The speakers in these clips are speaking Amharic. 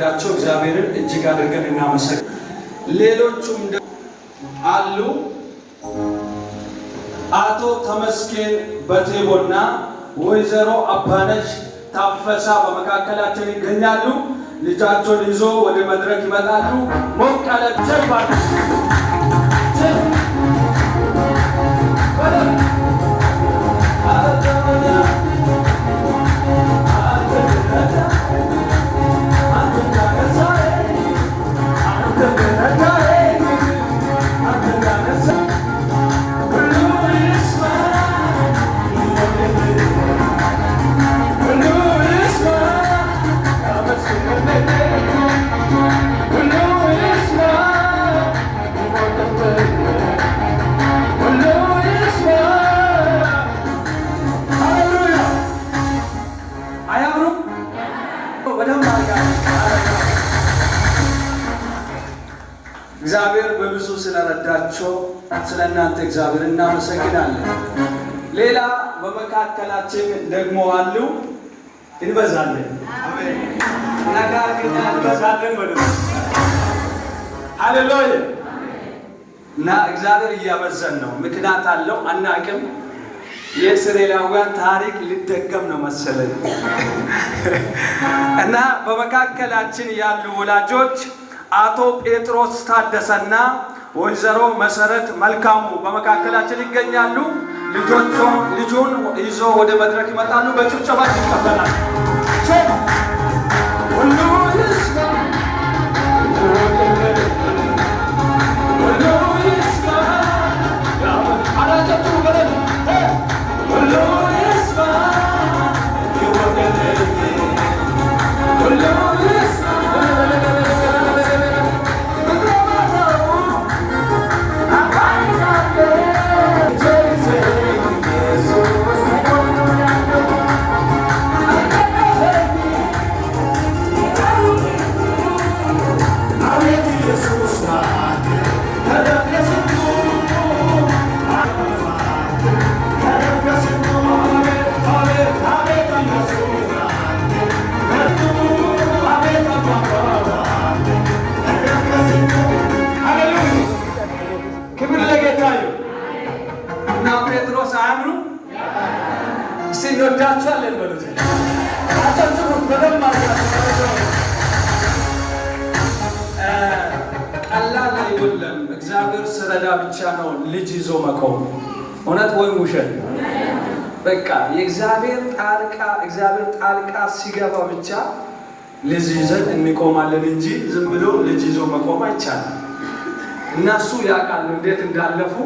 ስላደረጋቸው እግዚአብሔርን እጅግ አድርገን እናመሰግ ሌሎቹም አሉ። አቶ ተመስኬን በቴቦና ወይዘሮ አባነች ታፈሳ በመካከላችን ይገኛሉ። ልጃቸውን ይዞ ወደ መድረክ ይመጣሉ። ሞቅ ያለ ስለ እናንተ እግዚአብሔር እናመሰግናለን። ሌላ በመካከላችን ደግሞ አሉ። እንበዛለን እንበዛለን ወደ ሃሌሉያ እና እግዚአብሔር እያበዘን ነው። ምክንያት አለው አናቅም። የእስራኤላውያን ታሪክ ሊደገም ነው መሰለኝ እና በመካከላችን ያሉ ወላጆች አቶ ጴጥሮስ ታደሰና ወይዘሮ መሰረት መልካሙ በመካከላችን ይገኛሉ። ልጁን ይዞ ወደ መድረክ ይመጣሉ። በጭብጨባ ይቀበላል ሁሉም ቀላል አይደለም። እግዚአብሔር ስረዳ ብቻ ነው ልጅ ይዞ መቆም እውነት ወይም ውሸት። በቃ የእግዚአብሔር ጣልቃ እግዚአብሔር ጣልቃ ሲገባ ብቻ ልጅ ይዘን እንቆማለን እንጂ ዝም ብሎ ልጅ ይዞ መቆም አይቻልም። እነሱ ያውቃሉ እንዴት እንዳለፉ።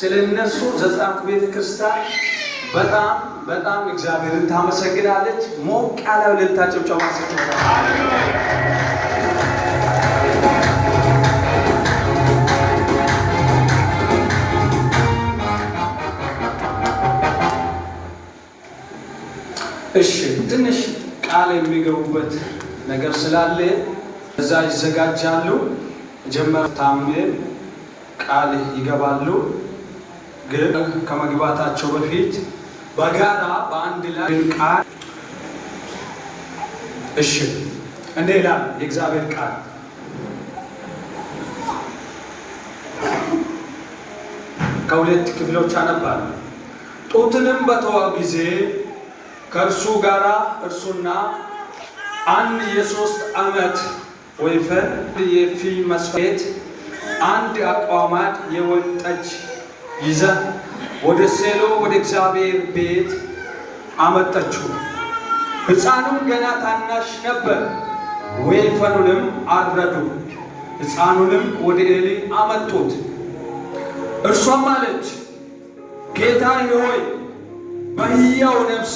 ስለ እነሱ ዘጸአት ቤተ በጣም በጣም እግዚአብሔርን ታመሰግናለች። ሞቅ ያለ እልልታ ጭብጨባ እሺ ትንሽ ቃል የሚገቡበት ነገር ስላለ እዛ ይዘጋጃሉ። ጀመር ታምሜ ቃል ይገባሉ። ግን ከመግባታቸው በፊት በጋራ በአንድ ላይ ቃል እሺ፣ እንዴ ይላል የእግዚአብሔር ቃል ከሁለት ክፍሎች አነባል። ጡትንም በተወ ጊዜ ከእርሱ ጋር እርሱና አንድ የሶስት ዓመት ወይፈን የፊ መስፌት አንድ አቋማት የወይን ጠጅ ይዛ ወደ ሴሎ ወደ እግዚአብሔር ቤት አመጠችው። ሕፃኑም ገና ታናሽ ነበር። ወይፈኑንም አረዱ፣ ሕፃኑንም ወደ ኤሊ አመጡት። እርሷም አለች፣ ጌታ ሆይ በሕያው ነፍስ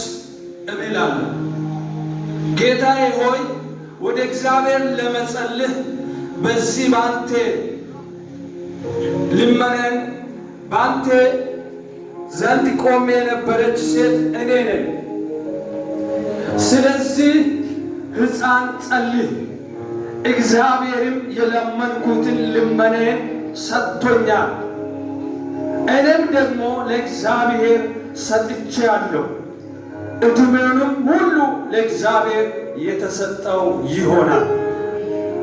እምላለሁ። ጌታ ሆይ ወደ እግዚአብሔር ለመጸልህ በዚህ ባንቴ ልመነን በአንተ ዘንድ ቆሜ የነበረች ሴት እኔ ነኝ። ስለዚህ ሕፃን ጸልይ፣ እግዚአብሔርም የለመንኩትን ልመኔን ሰጥቶኛል፣ እኔም ደግሞ ለእግዚአብሔር ሰጥቼ ሰጥቼአለሁ፣ ዕድሜውንም ሁሉ ለእግዚአብሔር የተሰጠው ይሆናል።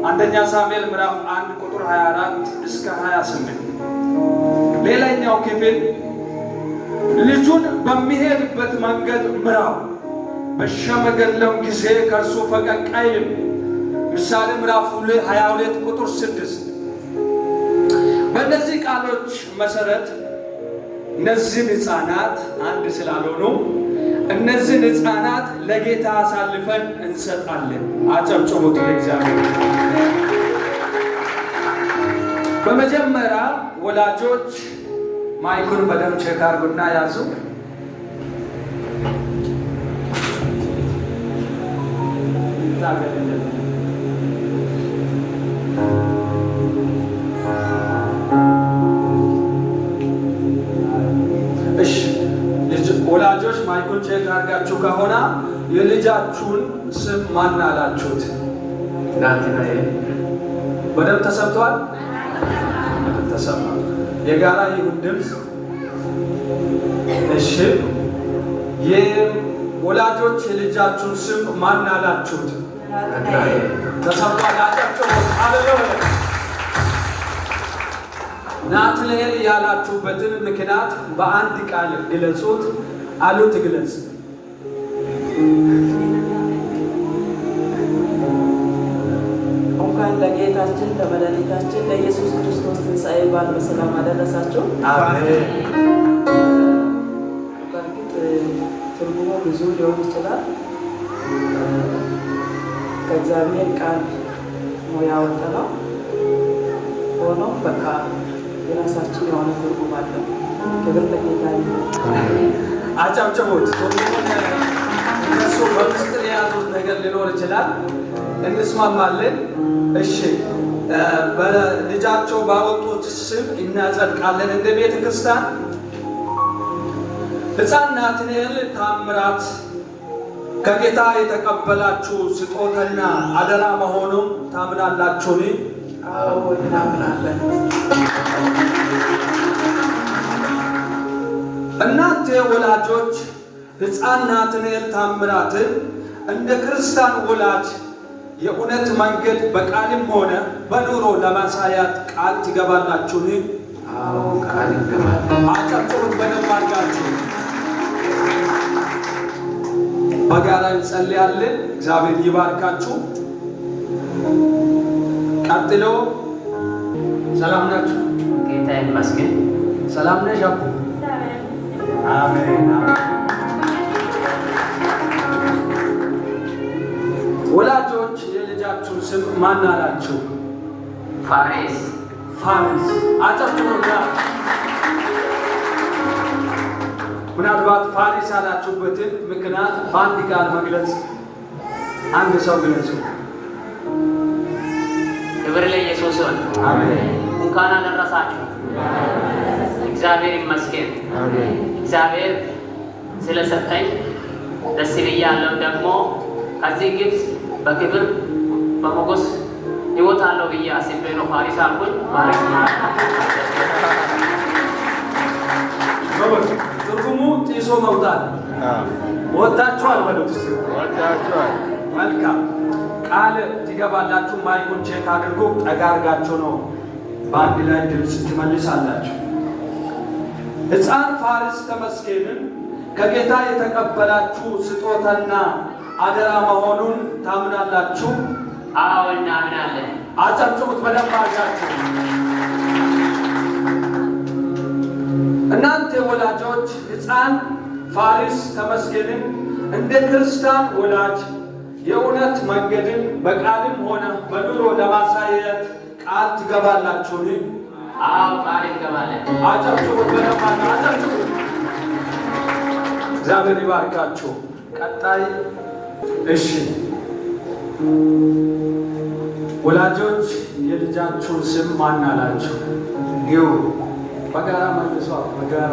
አንደኛ ሳሙኤል ምዕራፍ 1 ቁጥር 24 እስከ 28 ሌላኛው ክፍል ልጁን በሚሄድበት መንገድ ምራው፣ በሸመገለም ጊዜ ከእርሱ ፈቀቅ አይልም። ምሳሌ ምዕራፍ 22 ቁጥር 6 በእነዚህ ቃሎች መሰረት እነዚህን ህፃናት አንድ ስላልሆኑ እነዚህን ሕፃናት ለጌታ አሳልፈን እንሰጣለን። አጨብጭቡት ለእግዚአብሔር። በመጀመሪያ ወላጆች ማይኩን በደንብ ቼክ አድርጉና ያዙ። ወላጆች ማይኩን ቼክ አድርጋችሁ ከሆነ የልጃችሁን ስም ማን አላችሁት? በደንብ ተሰብተዋል። ተሰማ። የጋራ ይሁን ድምፅ እሺ። ወላጆች የልጃችሁን ስም ማን አላችሁት? ተሰማ ላጫቸው አለ ናትናኤል ያላችሁበትን ምክንያት በአንድ ቃል ግለጹት አሉት። ግለጽ እንኳን ለጌታችን ለመድኃኒታችን ለኢየሱስ ክርስቶስ ትንሣኤ በዓል በሰላም አደረሳችሁ። በእርግጥ ትርጉሙ ብዙ ሊሆን ይችላል። ከእግዚአብሔር ቃል ነው ሆኖም በቃ የራሳችን የሆነ ትርጉም አለ። ክብር ለጌታ አጨብጭቡት። እነሱ በምስጢር የያዙት ነገር ሊኖር ይችላል። እንስማማለን። እሺ በልጃቸው ባወጡት ስም እናጸድቃለን እንደ ቤተ ክርስቲያን። ሕፃን ናትናኤል ታምራት ከጌታ የተቀበላችሁ ስጦታና አደራ መሆኑም ታምናላችሁን? አዎ እናምናለን። እናንተ ወላጆች ሕፃን ናትናኤል ታምራትን እንደ ክርስቲያን ወላጅ የእውነት መንገድ በቃልም ሆነ በኑሮ ለማሳያት ቃል ትገባላችሁን? አዎ ቃል ይገባል። በደንብ አድርጋችሁ። በጋራ እንጸልያለን። እግዚአብሔር ይባርካችሁ። ቀጥሎ ሰላም ናችሁ? ጌታ ይመስገን። ሰላም ነሽ? አቡ አሜን። ወላጆ ስም ማን አላቸው? ፋሪስ ፋሪስ። አጨብጭቡ። ምናልባት ፋሪስ ያላችሁበትን ምክንያት በአንድ ቃል መግለጽ አንድ ሰው ግለጹ። ክብር ለኢየሱስ ይሁን። እንኳን አደረሳችሁ። እግዚአብሔር ይመስገን። እግዚአብሔር ስለሰጠኝ ደስ ብያለሁ። ደግሞ ከዚህ ግብፅ በክብር በሞገስ አለው ብዬ አስቤ ነው ፓሪስ አልኩኝ። ትርጉሙ ጢሶ መውጣት። ወጣችኋል፣ ወደ መልካም ቃል ትገባላችሁ። ማይኩን ቼክ አድርጎ ጠጋርጋችሁ ነው በአንድ ላይ ድምፅ ትመልሳላችሁ። ህፃን ፋሪስ ተመስገንን ከጌታ የተቀበላችሁ ስጦታና አደራ መሆኑን ታምናላችሁ። አዎ እናምናለን። አጨብጭቡት በደንብ አድርጋችሁ። እናንተ ወላጆች ሕፃን ፋሪስ ተመስገንን እንደ ክርስቲያን ወላጅ የእውነት መንገድን በቃልም ሆነ በኑሮ ለማሳየት ቃል ትገባላችሁን? አዎ ቃል እንገባለን። አጨብጭቡት በደንብ አጨብጭቡት። እግዚአብሔር ይባርካችሁ። ቀጣይ እሺ ወላጆች የልጃችሁን ስም ማን አላችሁ? ይሁ በጋራ መልሷ። በጋራ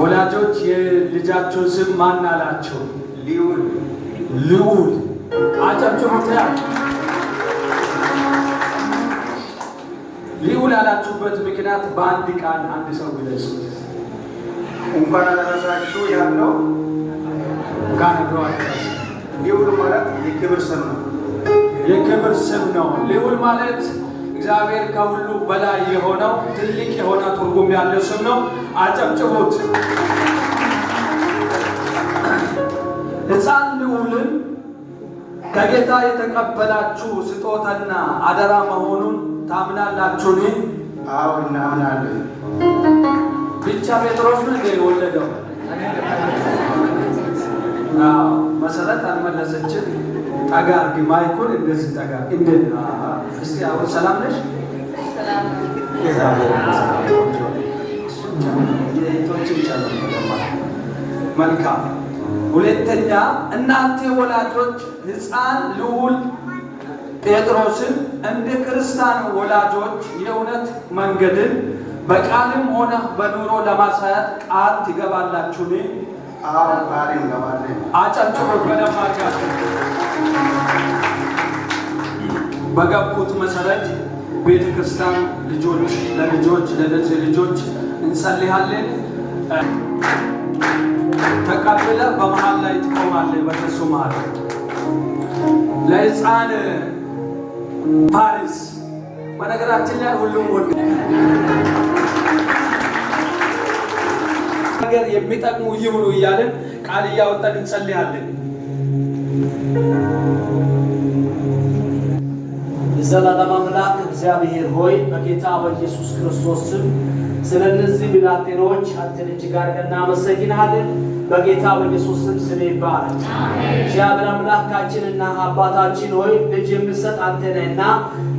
ወላጆች የልጃችሁን ስም ማን አላችሁ? ልዑል ልዑል። አጨብጭቡት። ልዑል አላችሁበት ምክንያት በአንድ ቃል አንድ ሰው ግለጹ። እንኳን አደረሳችሁ ያለው ካነግረዋል። ልዑል ማለት የክብር ስም ነው። የክብር ስም ነው። ልዑል ማለት እግዚአብሔር ከሁሉ በላይ የሆነው ትልቅ የሆነ ትርጉም ያለው ስም ነው። አጨብጭቡት። ሕፃን ልዑልን ከጌታ የተቀበላችሁ ስጦታና አደራ መሆኑን ታምናላችሁን? አዎ እናምናለን። ብቻ ጴጥሮስ ነው የወለደው መሰረት አልመለሰችን። ጠጋ አድርጊ እንደዚህ ጠጋ። እንዴት እስቲ አሁን ሰላም ነሽ? መልካም። ሁለተኛ እናንተ ወላጆች ህፃን ልዑል ጴጥሮስን እንደ ክርስቲያን ወላጆች የእውነት መንገድን በቃልም ሆነ በኑሮ ለማሳየት ቃል ትገባላችሁን? አጨብጭቡት በደማቸው በገቡት መሰረት ቤተ ክርስቲያን ልጆች ለልጆች ለልጅ ልጆች እንጸልያለን። ተቀብለ በመሀል ላይ ትቆማለህ። በእነሱ መሀል ለሕፃን ፓሪስ በነገራችን ላይ ሁሉም ወድ ለሀገር የሚጠቅሙ ይሁኑ እያልን ቃል እያወጣን እንጸልያለን። የዘላለም አምላክ እግዚአብሔር ሆይ በጌታ በኢየሱስ ክርስቶስ ስም ስለ እነዚህ ብላቴኖች አንተን እጅግ አድርገን እናመሰግናለን። በጌታ በኢየሱስ ስም ስም ይባላል። እግዚአብሔር አምላካችንና አባታችን ሆይ ልጅ የምሰጥ አንተ ነህና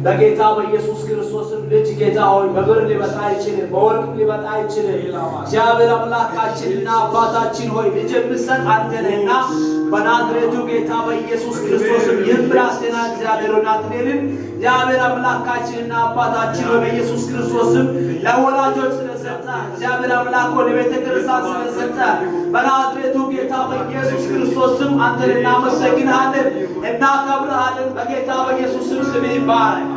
በጌታ በኢየሱስ ጌታ ሆይ በብር ሊመጣ አይችልም፣ በወርቅ ሊመጣ አይችልም። እግዚአብሔር አምላካችንና አባታችን ሆይ ልጅ የምትሰጥ አንተ ነህና በናዝሬቱ ጌታ በኢየሱስ ክርስቶስም የምራስና እግዚአብሔር ናትኔልን እግዚአብሔር አምላካችንና አባታችን ሆይ በኢየሱስ ክርስቶስም ለወላጆች ስለሰጠ እግዚአብሔር አምላክ ሆይ ለቤተ ክርስቲያን ስለሰጠ በናዝሬቱ ጌታ በኢየሱስ ክርስቶስም አንተን እናመሰግንሃለን፣ እናከብርሃለን። በጌታ በኢየሱስም ስም ይባረክ።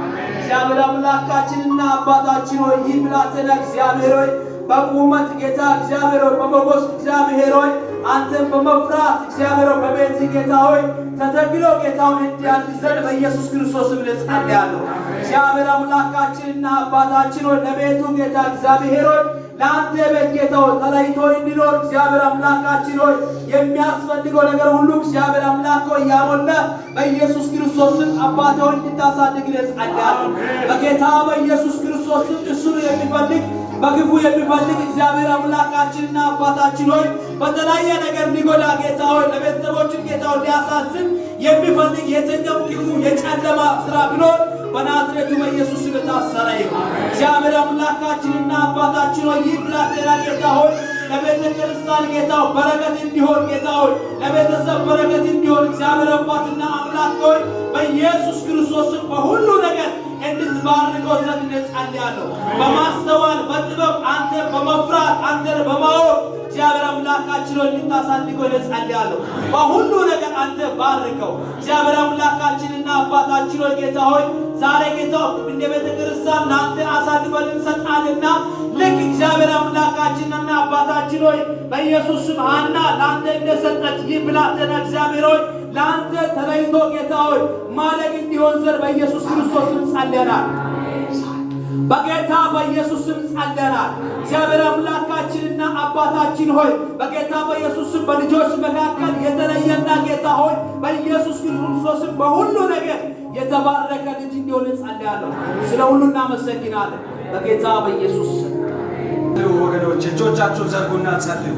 እግዚአብሔር አምላካችንና አባታችን ሆይ ይህ ብላቴና እግዚአብሔር ሆይ በቁመት ጌታ እግዚአብሔር ሆይ በመጎስ እግዚአብሔር ሆይ አንተን በመፍራት እግዚአብሔር ሆይ በቤት ጌታ ሆይ ተተግሎ ጌታውን እንዲያል ዘንድ በኢየሱስ ክርስቶስ ስም ጸልያለሁ። እግዚአብሔር አምላካችንና አባታችን ሆይ ለቤቱ ጌታ እግዚአብሔር ሆይ ለአንተ ቤት ጌታ ሆይ ተለይቶ እንዲኖር እግዚአብሔር አምላካችን ሆይ የሚያስፈልገው ነገር ሁሉ እግዚአብሔር አምላክ ሆይ ያሞላ በኢየሱስ ክርስቶስ ስም አባት ሆይ እንድታሳድግ ለጸጋል በጌታ በኢየሱስ ክርስቶስ ስም እሱን የሚፈልግ በክፉ የሚፈልግ እግዚአብሔር አምላካችንና አባታችን ሆይ በተለያየ ነገር ሊጎዳ ጌታ ሆይ ለቤተሰቦችን ጌታ ሆይ ሊያሳስብ የሚፈልግ የትኛው ክፉ የጨለማ ስራ ቢኖር በናዝሬቱ በኢየሱስ ስም አምላካችንና አባታችን ሆይ ይህ ብላቴና ጌታ ሆይ ለቤተ ክርስቲያን ጌታ በረከት እንዲሆን ጌታ ሆይ ለቤተሰብ በረከት እንዲሆን እግዚአብሔር አባትና አምላክ ሆይ በኢየሱስ ክርስቶስም በሁሉ ነገር እንድትባርከው ዘንድ እጸልያለሁ። በማስተዋል በጥበብ አንተ በመፍራት አንተ በማወቅ እግዚአብሔር አምላካችን ሆይ እንድታሳድገው እጸልያለሁ። በሁሉ ነገር አንተ ባርከው። እግዚአብሔር አምላካችንና አባታችን ሆይ ጌታ ሆይ ዛሬ ጌታው እንደ ቤተ ክርስቲያን ለአንተ አሳልፈን እንሰጣልና ልክ እግዚአብሔር አምላካችንና አባታችን ሆይ በኢየሱስ ስም ለአንተ እንደሰጠች ይህ ብላቴና እግዚአብሔር ሆይ ለአንተ ተለይቶ ጌታ ሆይ ማለቅ እንዲሆን ዘር በኢየሱስ ክርስቶስ እንጸልያለን። በጌታ በኢየሱስም ስም ጸለናል። እግዚአብሔር አምላካችንና አባታችን ሆይ በጌታ በኢየሱስም በልጆች መካከል የተለየና ጌታ ሆይ በኢየሱስ ክርስቶስም በሁሉ ነገር የተባረከ ልጅ እንዲሆን ጸለያለሁ። ስለ ሁሉ እናመሰግናለን። በጌታ በኢየሱስ ወገኖች እጆቻችሁን ዘርጉና ጸልዩ።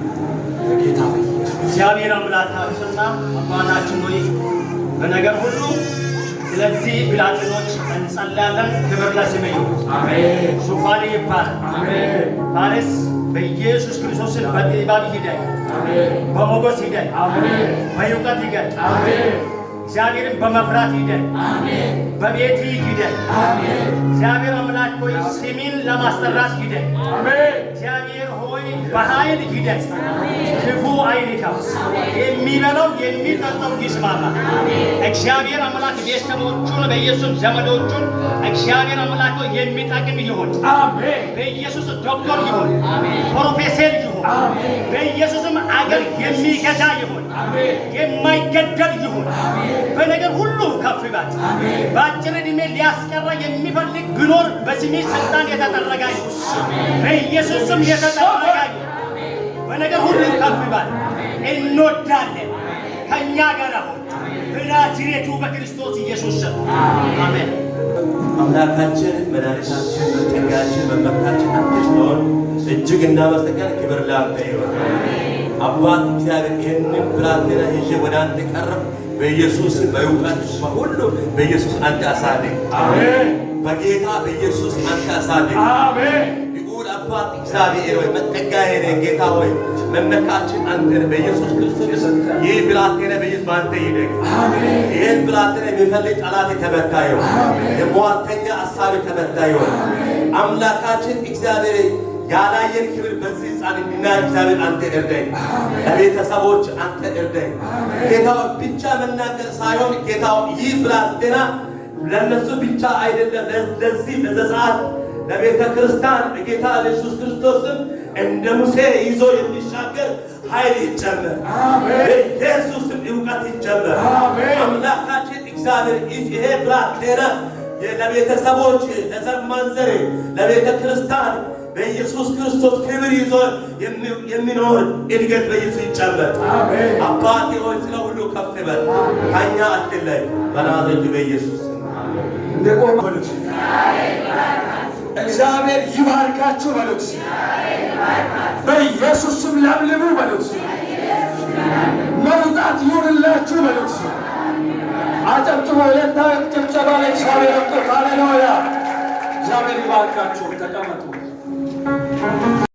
በጌታ በኢየሱስ እግዚአብሔር አምላካችንና አባታችን ሆይ በነገር ሁሉ ስለዚህ ብላቴኖች እንጸልያለን። ክብር ለስም ይሁን። ይባላል። ፋሪስ በኢየሱስ ክርስቶስ በጥበብ ይዳኝ፣ በሞገስ ይዳኝ፣ በእውቀት ይዳኝ፣ እግዚአብሔርን በመፍራት ይዳኝ፣ በቤት ይዳኝ። እግዚአብሔር አምላክ ሆይ ስሜን ለማስጠራት ይዳኝ። እግዚአብሔር በኃይል ሂደት ክፉ አይንካው፣ የሚበላው የሚጠጣው ይስማማ። እግዚአብሔር አምላክ ቤተሰቦቹን በኢየሱስ ዘመዶቹን እግዚአብሔር አምላክ የሚጠቅም ይሁን። በኢየሱስ ዶክተር ይሁን፣ ፕሮፌሰር ይሁን፣ በኢየሱስም አገር የሚገዛ ይሁን። የማይገደል ይሁን። በነገር ሁሉ ከፍ ይበል። በአጭር እድሜ ሊያስቀራ የሚፈልግ ቢኖር በስሜ ስልጣን የተጠረጋ ይሁን። በኢየሱስ ስም የተጠረጋ በነገር ሁሉ ከፍ ይበል። እንወዳለን። ከእኛ ጋር ሁን። ብላትሬቱ በክርስቶስ ኢየሱስ ስም አሜን። አምላካችን መድኃኒታችን መጠጋችን መመካችን አንተ ስለሆን እጅግ እናመሰግናለን። ክብር ላንተ ይሁን። አባት እግዚአብሔር ይህንን ብላቴና ይዤ ወደ አንተ ቀረብ። በኢየሱስ በእውቀት በሁሉ በኢየሱስ አንተ አሳድግ። አሜን። በጌታ በኢየሱስ አንተ አሳድግ። አሜን። ልዑል አባት እግዚአብሔር ወይ መጠጋዬ ነህ። ጌታ ወይ መመካችን አንተ ነህ። በኢየሱስ ክርስቶስ ይህ ብላቴና በኢየሱስ በአንተ ይደግ። አሜን። ይህን ብላቴና የሚፈልግ ጠላት ተመታ ይሁን። የሟርተኛ አሳብ ተመታ ይሁን። አምላካችን እግዚአብሔር ያላየን ክብር በዚህ ሕፃን እንድናይ እግዚአብሔር አንተ እርዳኝ፣ ለቤተሰቦች አንተ እርዳኝ። ጌታው ብቻ መናገር ሳይሆን ጌታው ይህ ብላቴና ለነሱ ብቻ አይደለም፣ ለዚህ ለዘጸአት ለቤተ ክርስቲያን ጌታ ኢየሱስ ክርስቶስም እንደ ሙሴ ይዞ የሚሻገር ኃይል ይጨመር፣ ኢየሱስም እውቀት ይጨመር። አምላካችን እግዚአብሔር ይህ ይሄ ብላቴና ለቤተሰቦች፣ ለዘማንዘሬ፣ ለቤተ ክርስቲያን በኢየሱስ ክርስቶስ ክብር ይዞ የሚኖር እድገት በኢየሱስ ይጨመር። አባቴ ሆይ ስለ ሁሉ ከፍ በል፣ ከእኛ አትለይ። በናዘጅ በኢየሱስ እንደቆም በሉት። እግዚአብሔር ይባርካችሁ በሉት። በኢየሱስ ስም ለምልሙ በሉት። መውጣት ይሁንላችሁ በሉት። አጨብጭቦ የታ ጭብጨባ ላይ እግዚአብሔር አምጦት ሃሌሉያ። እግዚአብሔር ይባርካችሁ። ተቀመጡ።